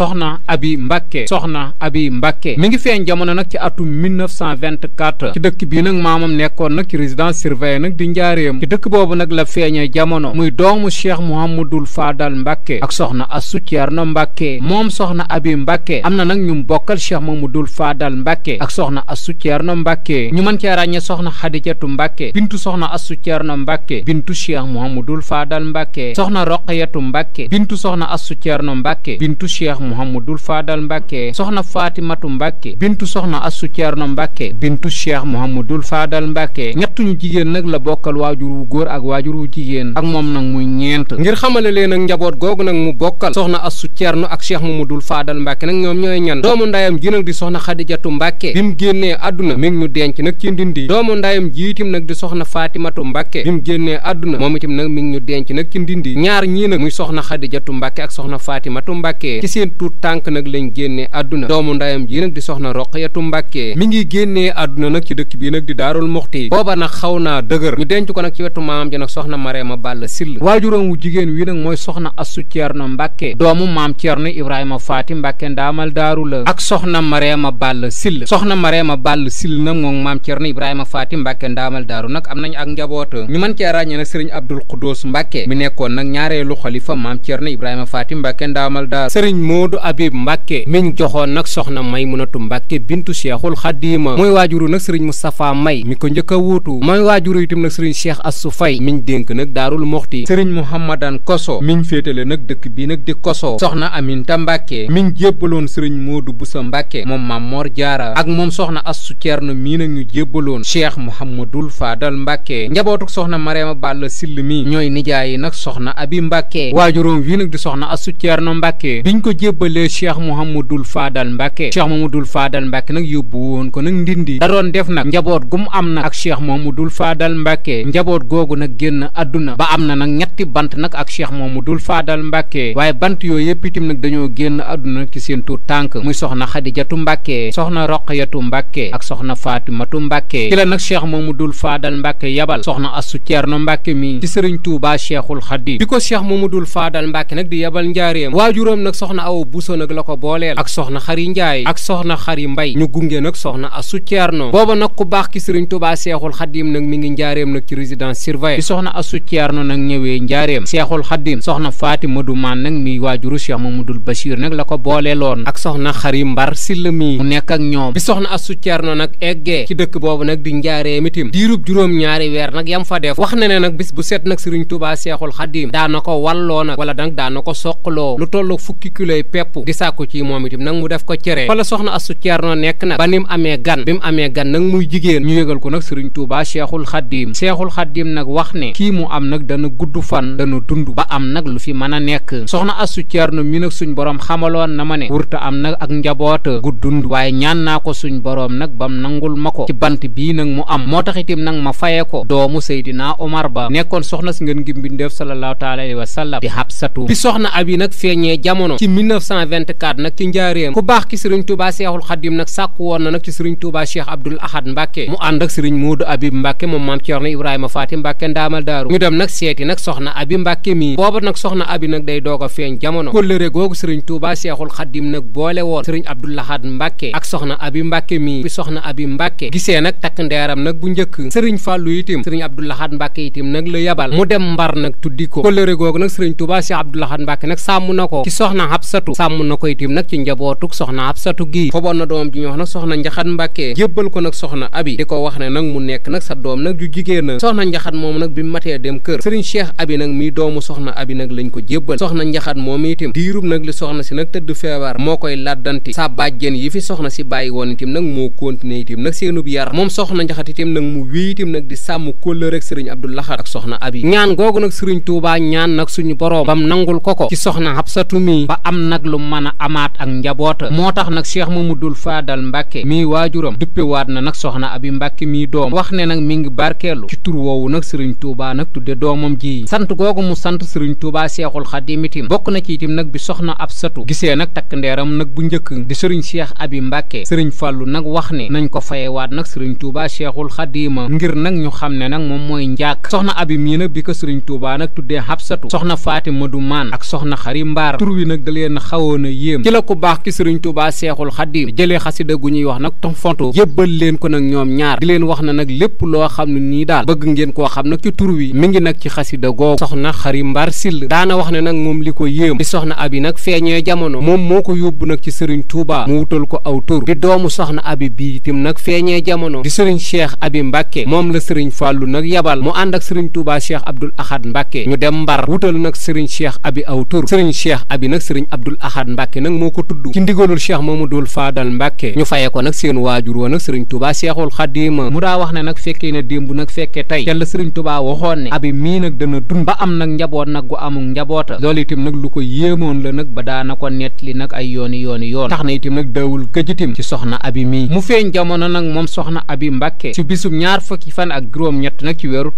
soxna abi mbàkke soxna abi mbàkke mi ngi feeñ jamono nag ci atum 1924 ci dëkk bii nag maamam nekkoon nag ci résidence surveillée nag di njaareem ci dëkk boobu nag la feeñee jamono muy doomu cheikh mouhamadul faadal mbàkke ak soxna assu ceerno mbàkke moom soxna abi mbàkke am na nag ñu mu bokkal cheikh mouhamadul faadal mbàkke ak soxna assu ceerno mbàkke ñu mën cee ràññee soxna xadijatu mbàkke bintu soxna assu ceerno mbàkke bintu cheikh mouhamadul faadal mbàkke soxna roqayatu mbàkke bintu soxna assu ceerno mbàkke bintu dul faadal mbàkke soxna matu mbàkke bintu soxna assu ceerno mbàkke bintu cheikh dul faadal mbàkke ñettuñu jigéen nag la bokkal waajur wu góor ak waajur wu jigéen ak moom nag muy ñeent ngir xamale leen ak njaboot googu nag mu bokkal soxna assu ceerno ak cheikh mamadul faadal mbàkke nag ñoom ñooy ñan doomu ndayam ji nag di soxna xadijatu mbàkke bi mu génnee àdduna mi ngi ñu denc nag ci ndindi doomu ndayam ji itam nag di soxna faatimatu mbàkke bi mu génnee moom itam nag mi ngi ñu denc nag ci ndindi ñaar ñii nag muy soxna xadijatu mbàkke ak soxna faatimatu mbàkke tuut tànk nag lañ génnee àdduna doomu ndayam ji nag di soxna Roqiyatu Mbàkke mi ngi génnee àdduna nag ci dëkk bii nag di daarul muxti booba nag xaw naa dëgër ñu denc ko nag ci wetu maam ji nag soxna Marema Balla Sill waajuram wu jigéen wii nag mooy soxna Assu Ceerno Mbàkke doomu maam Ceerno Ibrahima Faati Mbàkke ndaamal daaru la ak soxna Marema Balla Sill soxna Marema Balla Sill nag moom maam Ceerno Ibrahima Faati Mbàkke ndaamal daaru nag am nañ ak njaboot ñu mën cee ràññee nag sëriñ Abdul Xudoos Mbàkke mi nekkoon nag ñaareelu xalifa maam Ceerno Moodu Habib Mbacke miñ joxoon nag soxna May Munatu Mbacke bintu Cheikhul Xadima mooy waajuru nag sëriñ Moustapha May mi ko njëkk a wuutu mooy waajuru itam nag sëriñ Cheikh Assou Faye miñ dénk nag Daarul Moxti sëriñ Mouhamadan Koso miñ féetale nag dëkk bi nag di Koso soxna Aminta Mbacke miñ jébbaloon sëriñ Moodu sa Mbacke moom Maam Mor Jaara ak moom soxna Assou Thierno mii nag ñu jébbaloon Cheikh Mouhamadul Fadal Mbacke njabootuk soxna Mariama Balla Sill mi ñooy nijaay yi nag soxna Abi Mbacke waajuróom wii nag di soxna Assou jébbalee cheikh mouhamadul faadal mbàkke cheikh mouhamadul faadal mbàkke nag yóbbu woon ko nag ndindi da doon def nag njaboot gum am na ak cheikh mouhamadul faadal mbàkke njaboot googu nag génn àdduna ba am na nag ñetti bant nag ak cheikh dul faadal mbàkke waaye bant yooyu yëpp itam nag dañoo génn àdduna ci seen tur tànk muy soxna xadijatu mbàkke soxna roqayatu mbàkke ak soxna fatimatu mbàkke ki la nag cheikh mouhamadul faadal mbàkke yabal soxna assu ceerno mbàkke mi ci sëriñ tuubaa cheikhul xadim bi ko cheikh mouhamadul faadal mbàkke nag di yabal njaareem waajuram nag soxna aw Aw Bousso nag la ko booleel ak soxna Xari Njaay ak soxna Xari Mbay ñu gunge nag soxna Asu Ceerno booba nag ku baax ki Sëriñ Tuubaa Seexul Xaddiim nag mi ngi njaareem nag ci résidence surveillée bi soxna Asu Ceerno nag ñëwee njaareem Seexul Xaddiim soxna Faati Madu Maan nag mi waajuru Cheikh Mamadul Bachir nag la ko booleeloon ak soxna Xari Mbar Silla mi mu nekk ak ñoom bi soxna Asu Ceerno nag eggee ci dëkk boobu nag di njaareem itim diirub juróom-ñaari weer nag yam fa def wax na ne nag bis bu set nag Sëriñ Tuubaa Seexul Xaddiim daana ko walloo wala nag daana ko pepp di sàkku ci moom itam nag mu def ko cere fa la soxna astu ceerno nekk nag ba ni mu amee gan bi mu amee gan nag muy jigéen ñu yëgal ko nag sëriñ Tuubaa Seexul Xaddiim Seexul Xaddiim nag wax ne kii mu am nag dana gudd fan dana dund ba am nag lu fi mën a nekk soxna astu ceerno mi nag suñ boroom xamaloon na ma ne wurta am nag ak njaboota gu dund waaye ñaan naa ko suñ boroom nag bam nangul ma ko ci bant bii nag mu am moo tax itam nag ma faye ko doomu Seydina Omar ba nekkoon soxna si ngeen gi mbindeef sallallahu taala alayhi wa sallam di Habsatu bi soxna abi 1924 nag ci njaareem ku baax ki sëriñ Touba Seexul Xadim nag sàkku woon na nag ci sëriñ Touba Cheikh Abdoul Ahad Mbacke mu ànd ak sëriñ Moodu Abib Mbacke moom maam Ceerno Ibrahima Faati Mbacke ndaamal daaru ñu dem nag seeti nag soxna Abi Mbacke mii booba nag soxna Abi nag day doog a feeñ jamono kóllëre googu sëriñ Touba Seexul Xadim nag boole woon sëriñ Abdoul Ahad ak soxna Abi Mbacke mii bi soxna Abi Mbacke gisee nag takk ndeeram nag bu njëkk sëriñ Fàllu itim sëriñ Abdoul Ahad Mbacke itim nag la yabal mu dem mbar nag tuddi ko kóllëre googu nag sëriñ Touba Cheikh Abdoul Fatou sàmm na ko itim nag ci njabootuk soxna Absatu gi foboon na doom ji ñu wax nag soxna Njaxat Mbàkke jébbal ko nag soxna Abi di ko wax ne nag mu nekk nag sa doom nag ju jigéen na soxna Njaxat moom nag bi matee dem kër Serigne Cheikh Abi nag mi doomu soxna Abi nag lañ jébbal soxna Njaxat moom itim diirub nag li soxna si nag tëdd feebar moo koy laddanti sa bàjjen yi fi soxna si bàyyi woon itim nag moo continué itim nag seenub yar moom soxna Njaxat itim nag mu wéy itim nag di sàmm kóllëre ak Serigne Abdou Lahat ak soxna Abi ñaan googu nag Serigne Touba ñaan nag suñu borom bam nangul ko ko ci ak lu mën a amaat ak njaboota moo tax nag cheikh mamadul faadal mbàkke mii waajuram duppewaat na nag soxna abi mbàkke mii doom wax ne nag mi ngi barkeelu ci tur woowu nag sëriñ tuubaa nag tudde doomam ji sant googu mu sant sëriñ tuubaa seexul xadim itim bokk na ci itim nag bi soxna ab satu gisee nag takk ndeeram nag bu njëkk di sëriñ cheikh abi mbàkke sëriñ fàllu nag wax ne nañ ko fayewaat nag sëriñ tuubaa seexul xadima ngir nag ñu xam ne nag moom mooy njaak soxna abi mii nag bi ko sëriñ tuubaa nag xawoon a yéem ci la ko baax ki sëriñ tubaa seexul xaddiim jëlee xasida gu ñuy wax nag tonfonto yébbal leen ko nag ñoom ñaar di leen wax na nag lépp loo xam ne nii daal bëgg ngeen koo xam nag ci tur wi mi ngi nag ci xasida googu soxna xari mbar sill daana wax ne nag moom li ko yéem di soxna abi nag feeñee jamono moom moo ko yóbbu nag ci sëriñ tuubaa mu wutal ko aw tur di doomu soxna abi bii itam nag feeñee jamono di sëriñ cheikh abi mbàkke moom la sëriñ fàllu nag yabal mu ànd ak sëriñ tuubaa cheikh abdul ahad mbàkke ñu dem mbar wutal nag sëriñ cheikh abi aw tur sëriñ cheikh abi nag sëriñ abdul Abdul Ahad Mbacke nag moo ko tudd ci ndigalul Cheikh Mamadou Fadal Mbacke ñu faye ko nag seen waajur wa nag sëriñ Touba Cheikhul Khadim mu daa wax ne nag fekkee na démb nag fekke tey ca la sëriñ Touba waxoon ne abi mii nag dana dund ba am nag njaboot nag gu amul njaboota loolu itam nag lu ko yéemoon la nag ba daana ko nettali nag ay yooni yooni yoon tax na itam nag dawul gëjitim ci soxna abi mii mu feeñ jamono nag moom soxna abi Mbacke ci bisum ñaar fukki fan ak juróom-ñett nag ci weeru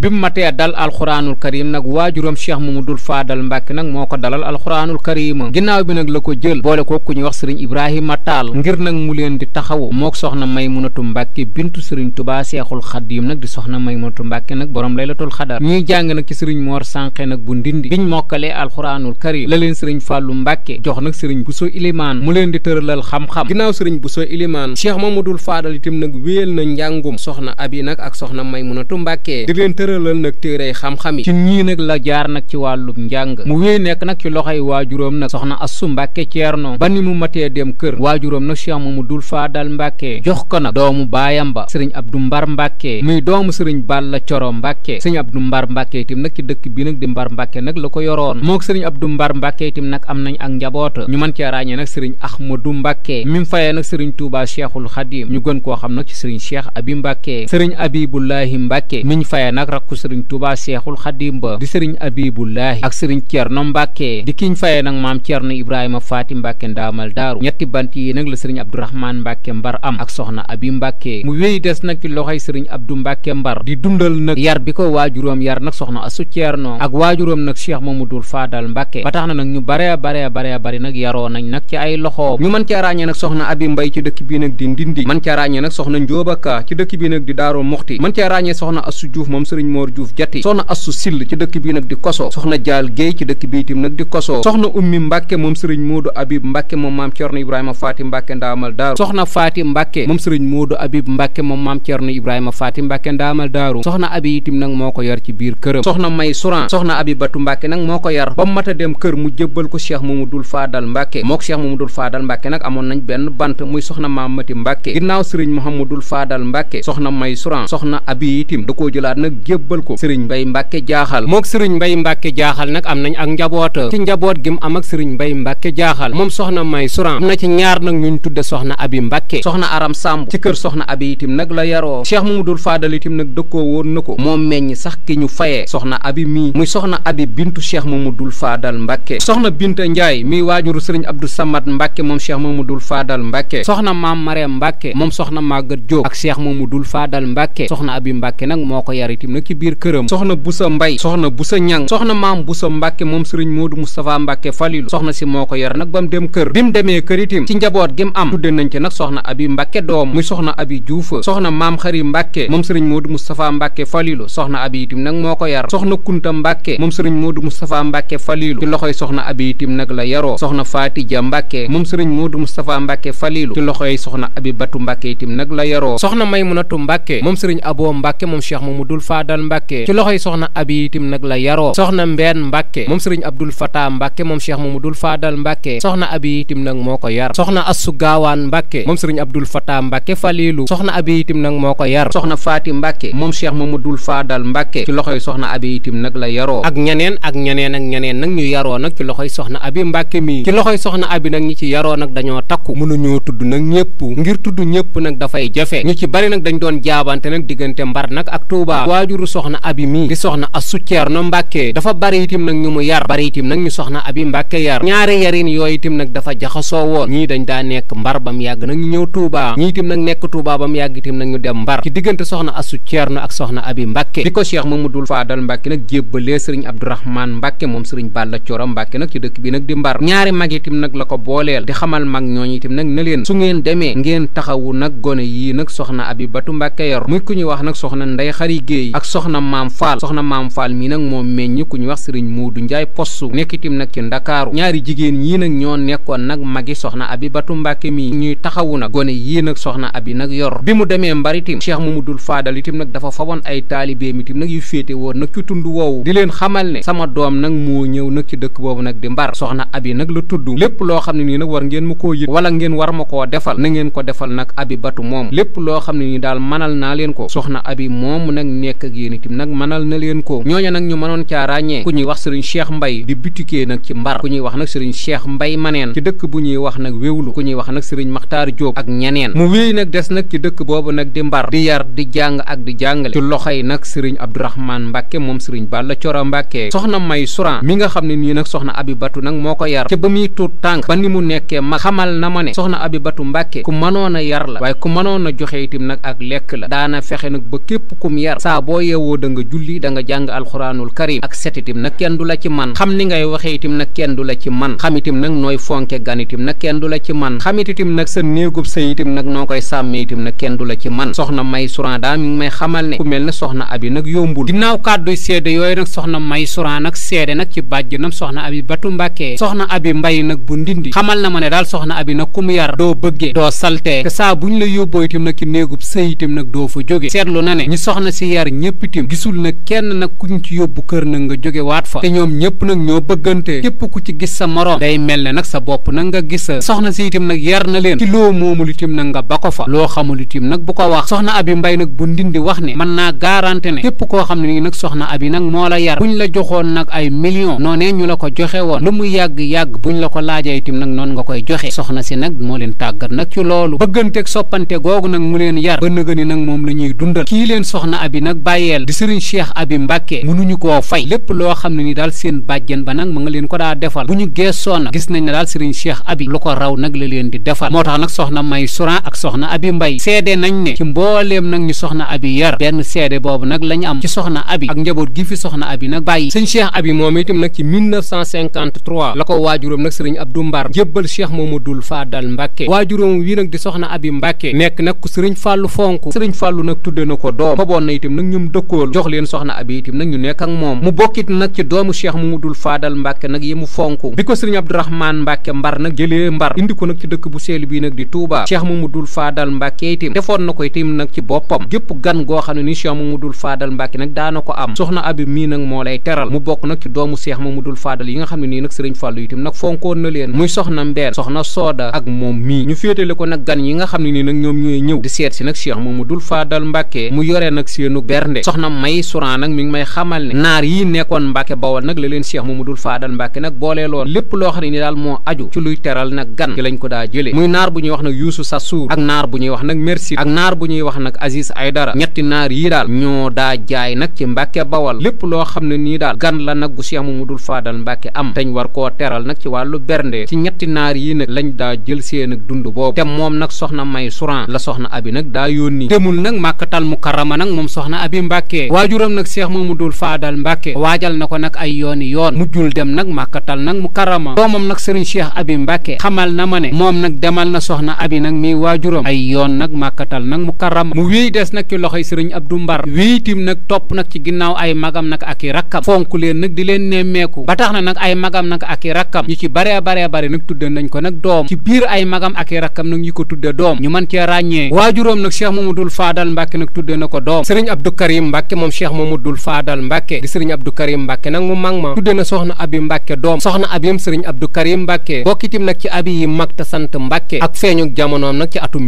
bi mu matee dal alxuraanul karim nag waajuram Cheikh Mamadou Fadal Mbàkke nag moo ko dalal alxuraanul karima ginnaaw bi nag la ko jël boole ko ku ñuy wax sëriñ Ibrahima Taal ngir nag mu leen di taxawu mook soxna Maymunatu Mbàkke bintu sëriñ Tubaa Seexul Xadiim nag di soxna may Maymunatu Mbàkke nag boroom borom laylatul xadar ñuy jàng nag ci sëriñ Moor Sànqe nag bu ndindi biñ mokkalee alxuraanul karim la leen sëriñ Fàllu Mbàkke jox nag sëriñ Buso Ilimaan mu leen di tëralal xam-xam ginnaaw sëriñ Buso Ilimaan Cheikh Mamadul Faadal itam nag wéyal na njàngum soxna Abi nag ak soxna Maymunatu Mbàkke di leen tëralal nag téerey xam-xam ñii nag la jaar nag ci wàllum njàng mu wéy nekk nag ci loxoy waajuróom nag soxna assu mbàkke ceerno ba ni mu matee dem kër waajuróom nag cheikh mamadul faadal mbàkke jox ko nag doomu baayam ba seriñ ab du mbar mbàkke muy doomu sëriñ balla coro mbàkke sëriñ du mbar mbàkke itam nag ci dëkk bi nag di mbar mbàkke nag la ko yoroon mook sëriñ abdu mbar mbàkke itam nag am nañ ak njaboota ñu mën cee ràññee nag mu du mbàkke mi mu fayee nag sëriñ tuubaa cheikhul xadim ñu gën koo xam nag ci sëriñ cheikh abi mbàkke sëriñ abibullahi mbàkke miñ fayee nag rakku sëriñ tuubaa cheikhul xadim ba di sëriñ abibullahi ak sëriñ Cerno Mbàkke di kiñ fayee nag maam Cerno Ibrahima Faati Mbàkke ndaamal daaru ñetti bant yi nag la sëriñ Abdourahmane Mbàkke Mbar am ak soxna Abi Mbàkke mu wéy des nag ci loxoy sëriñ Abdu Mbàkke Mbar di dundal nag yar bi ko waajuróom yar nag soxna Asu Cerno ak waajuróom nag Cheikh Mamadul Faadal Mbàkke ba tax na nag ñu bare bare bare bari nag yaroo nañ nag ci ay loxo ñu man caa ràññee nag soxna Abi Mbay ci dëkk bi nag di Ndindi mën caa ràññee nag soxna di Daaru Muxti mën caa ràññee soxna Asu Juuf moom sëriñ Moor Juuf Jati soxna Asu Sill ci dëkk bi nag di Koso soxna Jaal Géey dëkk bi itam nag di kosoo soxna ummi mbàkke moom sëriñ moodu abib mbàkke moom maam cerno ibrahima faati mbàkke ndaamal daaru soxna faati mbàkke moom sëriñ moodu abib mbàkke moom maam cerno ibrahima faati mbàkke nag moo ko yar ci biir këram soxna may suran soxna abi batu mbàkke nag moo ko yar ba mu mat a dem kër mu jébbal ko cheikh mamadul faadal mbàkke mook cheikh mamadul faadal mbàkke nag amoon nañ benn bant muy soxna maam mati mbàkke ginnaaw sëriñ mohamadul faadal mbàkke soxna may suran soxna abi itim da koo jëlaat nag jébbal ko sëriñ mbay mbàkke jaaxal ak njaboota ci njaboot gi mu am ak sëriñ Mbay Mbàkke jaaxal moom soxna May Souran am na ci ñaar nag ñuñ tudde soxna Abi Mbàkke soxna Aram Sàmb ci kër soxna Abi nag la yaroo Cheikh Mamadul Faadal itim nag dëkkoo woon na ko moom meññ sax ki ñu fayee soxna Abi mii muy soxna Abi bintu mu Cheikh Mamadul Faadal Mbàkke soxna Binta Njaay miy waajuru sëriñ Abdou Samad Mbàkke moom Cheikh Mamadul Faadal Mbàkke soxna Maam Mareem Mbàkke moom soxna Màggat Jóob ak Cheikh Mamadul Faadal Mbàkke soxna Abi Mbàkke nag moo ko yar itim nag ci biir këram soxna Busa Mbay soxna moom sëriñ Modou Moustapha Mbacke Falilou soxna si moo ko yar nag ba mu dem kër bi mu demee kër itim ci njaboot gi mu am tudde nañ ci nag soxna abi Mbacke doom muy soxna abi Diouf soxna maam xari Mbacke moom sëriñ Modou Moustapha Mbacke Falilou soxna abi itim nag moo ko yar soxna Kunta Mbacke moom sëriñ Modou Moustapha Mbacke Falilou ci loxoy soxna abi itim nag la yaroo soxna Fatija Mbacke moom sëriñ Modou Moustapha Mbacke Falilou ci loxoy soxna abi Batu Mbacke itim nag la yaroo soxna Maymunatu Mbacke moom sëriñ aboo Mbacke moom Cheikh Mamadou Fadal Mbacke ci loxoy soxna abi itim nag la yaroo soxna Mbeen moom sëriñ Abdul Fatah Mbacke moom cheikh Mamadul Fadal Mbacke soxna abi itim nag moo ko yar soxna assu gaawaan Mbacke moom sëriñ Abdul Fatah Mbacke Falilu soxna abi itim nag moo ko yar soxna Faati Mbacke moom cheikh Mamadul Fadal Mbacke ci loxoy soxna abi itim nag la yaroo ak ñeneen ak ñeneen ak ñeneen nag ñu yaroo nag ci loxoy soxna abi Mbacke mii ci loxoy soxna abi nag ñi ci yaroo nag dañoo takku mënuñoo tudd nag ñëpp ngir tudd ñëpp nag dafay jafe ñu ci bari nag dañ doon jaabante nak diggante mba nag ak Touba waajuru soxna abi mii di mu yar bari itam nag ñu soxna abi mbàkke yar ñaari yarin yooyu itam nag dafa jaxasoo woon ñii dañ daa nekk mbar ba mu yàgg nag ñu ñëw tuubaa ñii itam nag nekk tuubaa ba mu yàgg itam nag ñu dem mbar ko cheikh mamadul faadal mbàkke nag jébbalee sëriñ abdourahman mbàkke moom sëriñ bàlla cooro ci dëkk bi nag di mbar ñaari mag itam nag la ko booleel di xamal mag ñooñu itam nag na leen su ngeen demee ngeen taxawu nag gone yii nag soxna abi batu mbàkke yar muy ku ñuy wax nag soxna nday xari géey ak soxna maam faal soxna maam faal mii nag moom meññi ku ñuy wax sëriñ muudu Ndiaye postu nekk itam nag ci Ndakaaru ñaari jigéen ñii nag ñoo nekkoon nag magi soxna tu Mbàkke mi ñuy taxawu nag gone yii nag soxna abi nag yor bi mu demee mbaritim Cheikh Mamadul Faadal itam nag dafa faboon ay taalibeem itam nag yu féete woon nag ci tund woowu di leen xamal ne sama doom nag moo ñëw nag ci dëkk boobu nag di mbar soxna abi nag la tudd lépp loo xam ne nii nag war ngeen ma ko yëg wala ngeen war ma koo defal nangeen ko defal nag abi batu moom lépp loo xam ne nii daal manal naa leen ko soxna abi moom nag nekk ak nag manal na leen ko ñooñu nag ñu mënoon caa ku ñuy wax sëriñ Cheikh Mbay di butiquee nag ci Mbar ku ñuy wax nag sëriñ Cheikh Mbay maneen ci dëkk bu ñuy wax nag wéwlu ku ñuy wax nag sëriñ Maxtaar Jóob nag des nag ci dëkk boobu nag di Mbar di yar di jàng ak di jàngale ci loxoy nag sëriñ Abdourahman Mbàkke moom sëriñ Balla Coro Mbàkke soxna May Suran mi nga xam ne nii nag soxna Abibatu nag moo ko yar ca ba muy tuut tànk ba ni mu nekkee mag xamal na ma ne soxna Abibatu Mbàkke ku mënoon a yar la waaye ku mënoon a joxe itam nag ak lekk la daana fexe nag ba képp kum yar saa boo yeewoo da nga julli da nga jàng alxuraanul karim ak setitim nag kenn du la ci man xam ni ngay waxee itam nag kenn du la ci man xam itam nag nooy fonke gan itam nag kenn du la ci man xam itam nag sa néegub sëy itam nag noo koy sàmmee itam nag kenn du la ci man soxna may suran daa mi ngi may xamal ne ku mel ne soxna abi nag yombul ginnaaw kàdduy seede yooyu nag soxna may suran nag seede nag ci bàjjinam soxna abi batu mbàkkee soxna abi mbay nag bu ndindi xamal na ma ne daal soxna abi nag ku mu yar doo bëggee doo saltee te saa bu ñu la yóbboo itam nag ci néegub sëy itam nag doo fa jóge seetlu na ne ñi soxna si yar ñëpp itam gisul nag kenn nag kuñ ci yóbbu kër ñëpp nag ñoo bëggante képp ku ci gis sa morom day mel nag sa bopp nag nga gis sa soxna si itam nag yar na leen ci loo moomul itam nag nga ba ko fa loo xamul itam nag bu ko wax soxna abi mbay nag bu ndindi wax ne mën naa garante ne képp koo xam ne nii nag soxna abi nag moo la yar buñ la joxoon nag ay millions noonee ñu la ko joxe woon lu mu yàgg-yàgg buñ la ko laajee itam nag noonu nga koy joxe soxna si nag moo leen tàggat nag ci loolu bëgganteek soppante googu nag mu leen yar ba nëgëni nag moom la ñuy dundal kii leen soxna abi nag bàyyeel di sëriñ cheikh abi mbàkke mënuñu koo fay lépp seen bàjjen ba nag ma nga leen ko daa defal bu ñu geesoo nag gis nañ ne daal sëriñ Cheikh Abi lu ko raw nag la leen di defal moo tax nag soxna May Souran ak soxna Abi Mbay gi fi soxna Abi nag bàyyi sëñ Cheikh Abi moom itam nag ci 1953 la ko waajuróom nag sëriñ Abdou Mbar jébbal Cheikh Mamadou Fadal Mbacke waajuróom wi nag di soxna Abi Mbacke nekk nag ku sëriñ Fàllu fonk sëriñ Fàllu nag tudde na ko doom foboon na itam nag ñum dëkkool jox leen soxna Abi itam nag ñu nekk moom mu bokkit Mamadul Faadal Mbàkke nag yi mu fonk bi ko sëriñ Abdourahmaan Mbàkke mbar nag jëlee mbar indi ko nag ci dëkk bu seel bii nag di Touba Cheikh Mamadul Faadal Mbàkke na ko itim nag ci boppam gépp gan goo xam ni Cheikh Mamadul Faadal Mbàkke nag daana ko am soxna abi mii nag moo lay teral mu bokk nag ci doomu Cheikh Mamadul Faadal yi nga xam ne nii nag sëriñ Fàllu itim nag fonkoon na leen muy soxna mbeen soxna sooda ak moom mii ñu féetale ko nag gan yi nga xam ne nii nag ñoom ñooy ñëw di seet si nag Cheikh Mamadul Faadal Mbàkke mu yore nag seenu bernde soxna may suraan nag mi leen Cheikh Mamadou Fadal Mbacke nag boolee loon lépp loo xam ne ni daal moo aju ci luy teral nag gan ci lañ ko daa jëlee muy naar bu ñuy wax nag Youssou Sassour ak naar bu ñuy wax nag merci ak naar bu ñuy wax nag Aziz Aydara ñetti naar yii daal ñoo daa jaay nag ci Mbacke Bawal lépp loo xam ne nii daal gan la nag gu Cheikh Mamadou Fadal Mbacke am dañ war koo teral nag ci wàllu bernde ci ñetti naar yii nag lañ daa jël seen ak dund boobu te moom nag soxna may suran la soxna abi nag daa yónni demul nag màkkatal mukarrama nag moom soxna abi Mbacke waajuram nag Cheikh Mamadou Fadal ñaani yoon mujjul dem nag màkkatal nag mu karama doomam nag sëriñ cheikh abi mbàkke xamal na ma ne moom nag demal na soxna abi nag miy waajuram ay yoon nag màkkatal nag mu karama mu wéy des nag ci loxoy sëriñ abdu mbar wéy tim nag topp nag ci ginnaaw ay magam nag ak i rakkam fonk leen nag di leen nemmeeku ba tax na nag ay magam nag ak i rakkam ñu ci baree baree bare nag tudde nañ ko nag doom ci biir ay magam ak i rakkam nag ñu ko tudde doom ñu man cee ràññee waajuram nag cheikh mamadul faadal mbàkke nag tudde na ko doom sëriñ abdou karim mbàkke moom cheikh mamadul faadal mbàkke di sëriñ abdou karim mbàkke nag mu mag ma tudde na soxna abi mbàkke doom soxna abim sëriñ abdou karim mbàkke bokkitim nag ci abi yi mag te sant ak feeñu jamonoom nag ci atum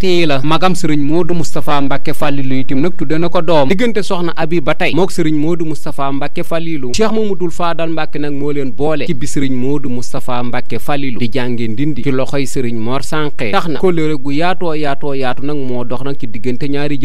yi la magam sëriñ moodu moustapha mbàkke fàllilu itim nag tudde na ko doom diggante soxna abi ba sëriñ moodu moustapha mbàkke fàllilu cheikh mamadul faadal mbàkke nag moo leen boole ci bi sëriñ moodu moustapha mbàkke fàllilu di jànge ndindi ci loxoy sëriñ mor sànqe tax na kóllëre gu yaatoo yaatoo yaatu nag moo dox nag ci diggante ñaari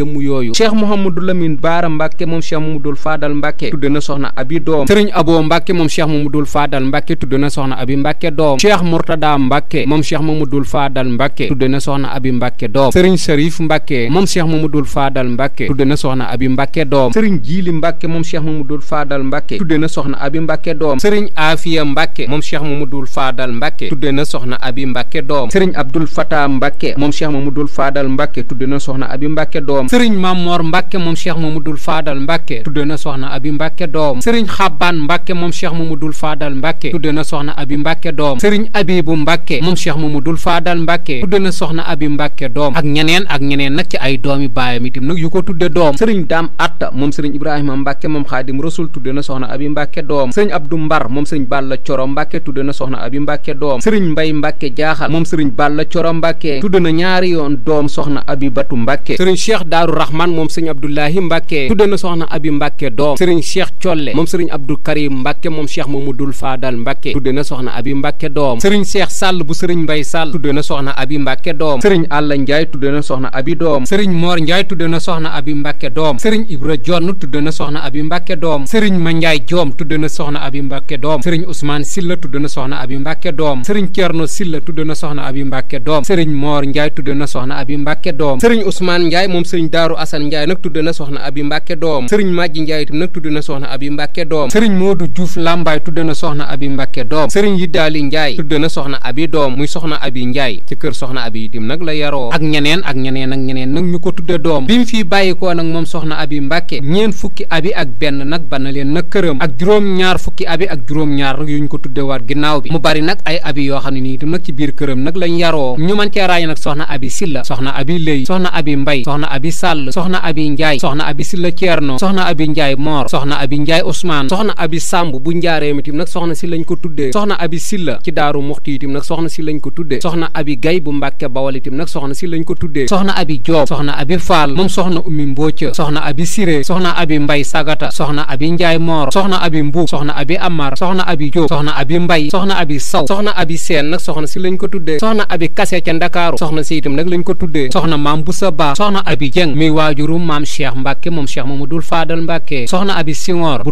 sëriñ aboo mbàkke moom cheikh mamadul faadal mbàkke tudd na soxna abi mbàkke doom cheikh mourtada mbàkke moom cheikh mamadul faadal mbàkke tudd na soxna abi mbàkke doom sëriñ sërif mbàkke moom cheikh mamadul faadal mbàkke tudd na soxna abi mbàkke doom sëriñ jiili mbàkke moom cheikh mamadul faadal mbàkke tudd na soxna abi mbàkke doom sëriñ aafiya mbàkke moom cheikh mamadul faadal mbàkke tudd na soxna abi mbàkke doom sëriñ abdul fata mbàkke moom cheikh mamadul faadal mbàkke tudd na soxna abi mbàkke doom sëriñ mamor mbàkke moom cheikh mamadul faadal mbàkke tudd na soxna abi mbàkke doom sëriñ xab Pappaan Mbacke moom Cheikh Mamadou Fadal Mbacke tudde na soxna Abi Mbacke doom Serigne Abibu Mbacke moom Cheikh Mamadou Fadal Mbacke tudde na soxna Abi Mbacke doom ak ñeneen ak ñeneen nag ci ay doomi baayam itam nag yu ko tudde doom Serigne Dame Atta moom Serigne Ibrahima Mbacke moom Xaadim Rasul tudde na soxna Abi Mbacke doom Serigne Abdou Mbar moom Serigne Balla Coro Mbacke tudde na soxna Abi Mbacke doom Serigne Mbay Mbacke Jaaxal moom Serigne Balla Coro Mbacke tudde na ñaari yoon doom soxna Abi Batu Mbacke Serigne Cheikh Daaru Rahman moom Serigne Abdoulahi Mbacke tudde na soxna Abi Mbacke doom Serigne Cheikh Colle moom Serigne Abdou Abdou Karim Mbacke moom Cheikh Mamadou Fadal Mbacke tudde na soxna Abi Mbacke doom sëriñ Cheikh Sall bu sëriñ Mbay Sall tudde na soxna Abi Mbacke doom sëriñ Alla Ndiaye tudde na soxna Abi doom sëriñ Mor Ndiaye tudde na soxna Abi Mbacke doom sëriñ Ibra Jonn tudde na soxna Abi Mbacke doom sëriñ Mandiaye Joom tudde na soxna Abi Mbacke doom sëriñ Ousmane Silla tudde na soxna Abi Mbacke doom sëriñ Thierno Silla tudde na soxna Abi Mbacke doom sëriñ Mor Ndiaye tudde na soxna Abi Mbacke doom sëriñ Ousmane Ndiaye moom sëriñ Daaru Assane Ndiaye nag tudde na soxna Abi Mbacke doom sëriñ Majji Ndiaye itam nag tudde na soxna Abi Mbacke doom sëriñ Modou Diouf Lambaye tudde na soxna Abi Mbacke doom sëriñ Yidaali njaay tudde na soxna Abi doom muy soxna Abi Ndiaye ci kër soxna Abi itim nag la ak ñeneen ak ñeneen nag ñu ko tudde doom bi mu fii bàyyikoo nag moom soxna Abi Mbacke ñeen fukki abi ak benn nag bana leen nag këram ak juróom-ñaar fukki abi ak juróom-ñaar nag yuñ ko tuddewaat ginnaaw bi mu bari nag ay abi yoo xam ne nii itam nag ci biir këram nag lañ yaroo ñu man cee ràññee nag soxna Abi Silla soxna Abi Lëy soxna Abi Mbay soxna Abi Sàll soxna Abi Ndiaye soxna Abi Silla Ceerno soxna Abi Ndiaye Moor soxna Abi Ndiaye soxna soxna abi sàmb bu njaareem itam nag soxna si lañ ko tuddee soxna abi silla ci daaru muxti itam nag soxna si lañ ko tuddee soxna abi gay bu mbàkke bawal itam nag soxna si lañ ko tuddee soxna abi joob soxna abi faal moom soxna ummi mbooca soxna abi siré soxna abi mbay sagata soxna abi njaay moor soxna abi mbuub soxna abi amar soxna abi joob soxna abi mbay soxna abi saw soxna abi seen nag soxna si lañ ko tuddee soxna abi kase ca ndakaaru soxna si itam nag lañ ko tuddee soxna maam bu sa baax soxna abi jëng muy waajuru maam cheikh mbàkke moom cheikh mamadul faadal mbàkke soxna abi singoor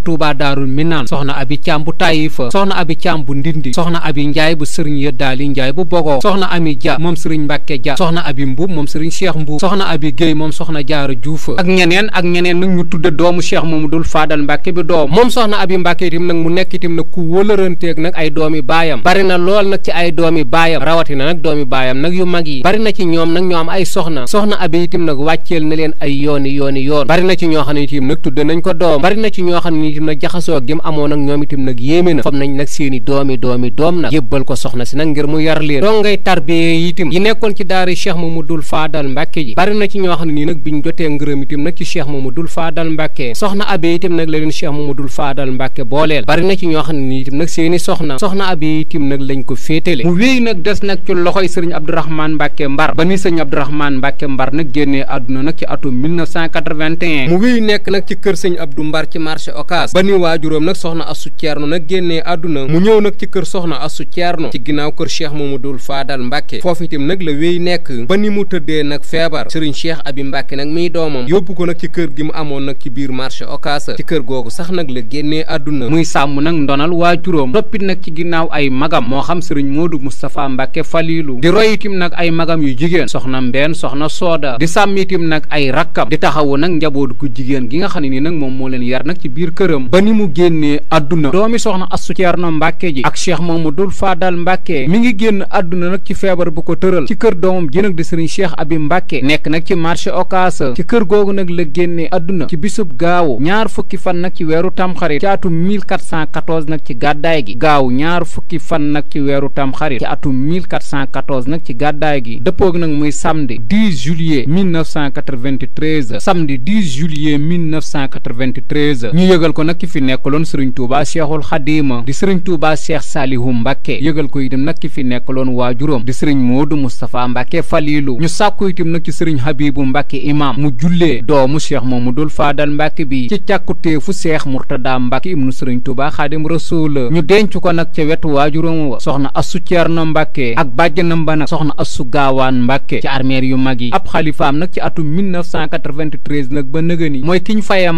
Minaan soxna abi Caam bu Tayifa soxna abi Caam bu Ndindi soxna abi Njaay bu sëriñ Yëddaali Njaay bu Bogo soxna ami Dia moom sëriñ Mbàkke Dia soxna abi Mbuub moom sëriñ Cheikh Mbuub soxna abi Géey moom soxna Jaara Juuf ak ñeneen ak ñeneen nag ñu tudde doomu Cheikh Mamadul Faadal Mbàkke bi doom moom soxna abi Mbàkke itam nag mu nekk itam nag ku wólaranteeg nag ay doomi baayam bari na lool nag ci ay doomi baayam rawatina nag doomi baayam nag yu mag yi bari na ci ñoom nag ñoo am ay soxna soxna abi na leen ay yooni na ci ñoo xam ne itam nag tudde nañ ko doom bari njaboot gi mu amoon ak ñoom itam nag yéeme na fam nañ nag seen ko soxna si nag ngir mu yar leen doo ngay tarbiye itam yi nekkoon ci daari cheikh mamadul faadal mbàkke ji na ci ñoo xam ne nii nag biñ jotee ngërëm itam nag soxna abe itam nag la leen cheikh mamadul faadal mbàkke booleel bari na ci ñoo xam ne nii nag seen i soxna soxna abe itam nag lañ ko féetale mu wéy nag des nag ci loxoy sëriñ abdourahman mbàkke mbar ba ni sëriñ abdourahman mbàkke mbar nag génnee àdduna nag ci atum mu wéy nekk nag ci kër sëriñ waajuram nag soxna Astou Thierno nag génnee àdduna mu ñëw nag ci kër soxna Astou Thierno ci ginnaaw kër Cheikh Mamadou Fadal Mbacke foofu itam nag la wéy nekk ba ni mu tëddee nag feebar Serigne Cheikh Abi Mbacke nag miy doomam yóbbu ko nag ci kër gi mu amoon nag ci biir marché Ocass ci kër googu sax nag la génnee àdduna muy sàmm nag ndonal waajuram toppit nag ci ginnaaw ay magam moo xam Serigne Modou Moustapha Mbacke Falilou di roy itam nag ay magam yu jigéen soxna Mbène soxna Soda di sàmm itam nag ay rakkam di taxawu nag njaboot gu jigéen gi nga xam ne ni nag moom moo leen yar nag ci biir këram génnee àdduna doomi soxna Astou na Mbacke ji ak Cheikh Mamadou Fadal Mbacke mi ngi génn àdduna nag ci feebar bu ko tëral ci kër doomam ji di sëriñ Cheikh Abi Mbacke nekk nag ci marché Ocass ci kër googu nag la génnee àdduna ci bisub gaawu ñaar fukki fan nag ci weeru tamxarit ci atum nag ci gàddaay gi gaaw ñaar fukki fan nag ci weeru tamxarit ci atum 1414 nag ci gàddaay gi dëppoog nag muy samedi 10 juillet 1993 samedi 10 juillet 1993 ñu yëgal ko nag ki fi nekk nekkaloon sëriñ Touba Cheikhul Xadima di sëriñ Touba Cheikh Salihu Mbacke yëgal ko itam nag ki fi nekk nekkaloon waajuram di sëriñ Modou Moustapha Mbacke Falilu ñu sàkku itam nag ci sëriñ Habibu Mbacke imam mu jullee doomu moom Cheikh Mamadul Faadal Mbacke bi ci càkkuteefu Cheikh Murtada Mbacke ibnu sëriñ Touba Xaadim Rasul ñu denc ko nag ca wetu waajuram wa soxna Assu Ceerno Mbacke ak bàjjanam ba nag soxna Assu Gaawaan Mbacke ci armeer yu mag yi ab xalifaam nag ci atum 1993 nag ba nëgëni mooy ki ñu faye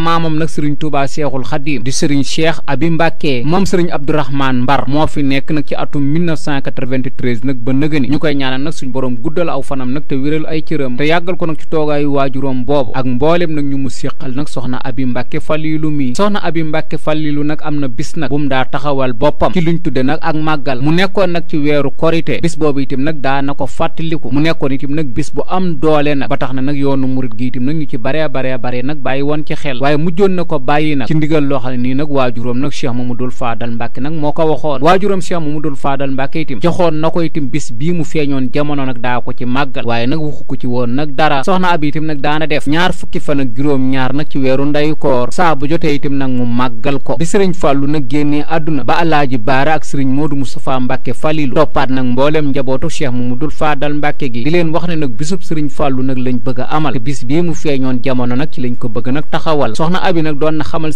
Touba Cheikhul sëriñ cheikh abi mbàkke moom sëriñ abdourahman mbar moo fi nekk nag ci atum 1993 nag ba nëgëni ñu koy ñaanal nag suñ borom guddal aw fanam nag te wéral ay cëram te ko nag ci toogaayu waajuram boobu ak mboolem nag mu séqal nag soxna abi mbàkke falilu mi soxna abi mbàkke falilu nag am na bis nag bu mu daa taxawal boppam ci luñ tudde nag ak màggal mu nekkoon nag ci weeru korite bis boobu itam nag daa na ko fàttaliku mu nekkoon itam nag bis bu am doole nag ba tax na nag yoonu murit gi itam nag ñu ci bare bare bare nag bàyyi woon ci xel waaye mujjoon na ko bàyyi nag ci ndigal loo xam ne nag waajuram nag cheikh mamadul faadal mbàkke nag moo ko waxoon waajuram cheikh mamadul faadal mbàkke itam ko itam bis bii mu feeñoon jamono nag daa ko ci màggal waaye nag waxu ko ci woon nag dara soxna abi itam nag daana def ñaar fukki fan ak juróom-ñaar nag ci weeru ndeyu koor saa bu jotee itam nag mu màggal ko bi sëriñ fàllu nag génnee àdduna ba alaaji baara ak sëriñ moodu moustapha mbàkke falilu toppaat nag mbooleem njabootu mu dul faadal mbàkke gi di leen wax na nag bisub sëriñ fàllu nag lañ bëgg a amal te bis bii mu feeñoon jamono nag ci lañ ko bëgg nag taxawal soxna abi nag doon na xamal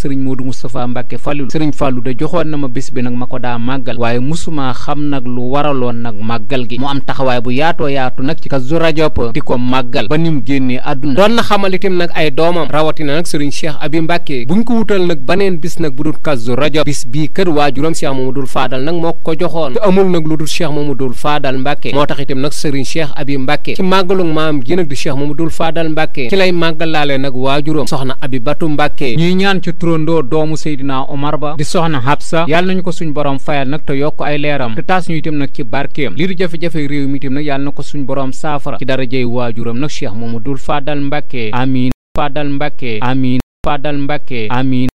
Mbàkke Falilu sëriñ Fàllu de joxoon na ma bis bi nag ma ko daa màggal waaye musuma xam nag lu waraloon nag màggal gi mu am taxawaay bu yaatoo yaatu nag ci Kazu Rajab di ko màggal ba ni mu génnee àdduna doon na xamal itam nag ay doomam rawatina nag sëriñ Cheikh Abi Mbàkke buñ ko wutal nag baneen bis nag bu dul Kazu Rajab bis bii kër waajuram Cheikh Mamadul Faadal nag moo ko joxoon te amul nag lu dul Cheikh Mamadul Faadal Mbàkke moo tax itam nag sëriñ Cheikh Abi Mbàkke ci màggalu maam gi nag di Cheikh Mamadul Faadal Mbàkke ci lay màggalaale nag waajuram soxna Abi Batu Mbàkke ñuy Seydina Omar ba di soxna Habsa yàlla nañu ko suñ borom fayal nag te yokk ay leeram te taas ñu itam nag ci barkeem lii di jafe-jafe réew mi itam nag yàlla na ko suñ borom saafara ci darajey waajuram nag Cheikh Mamadou Fadal Mbacké amiin Fadal Mbacké amiin Fadal Mbacké amiin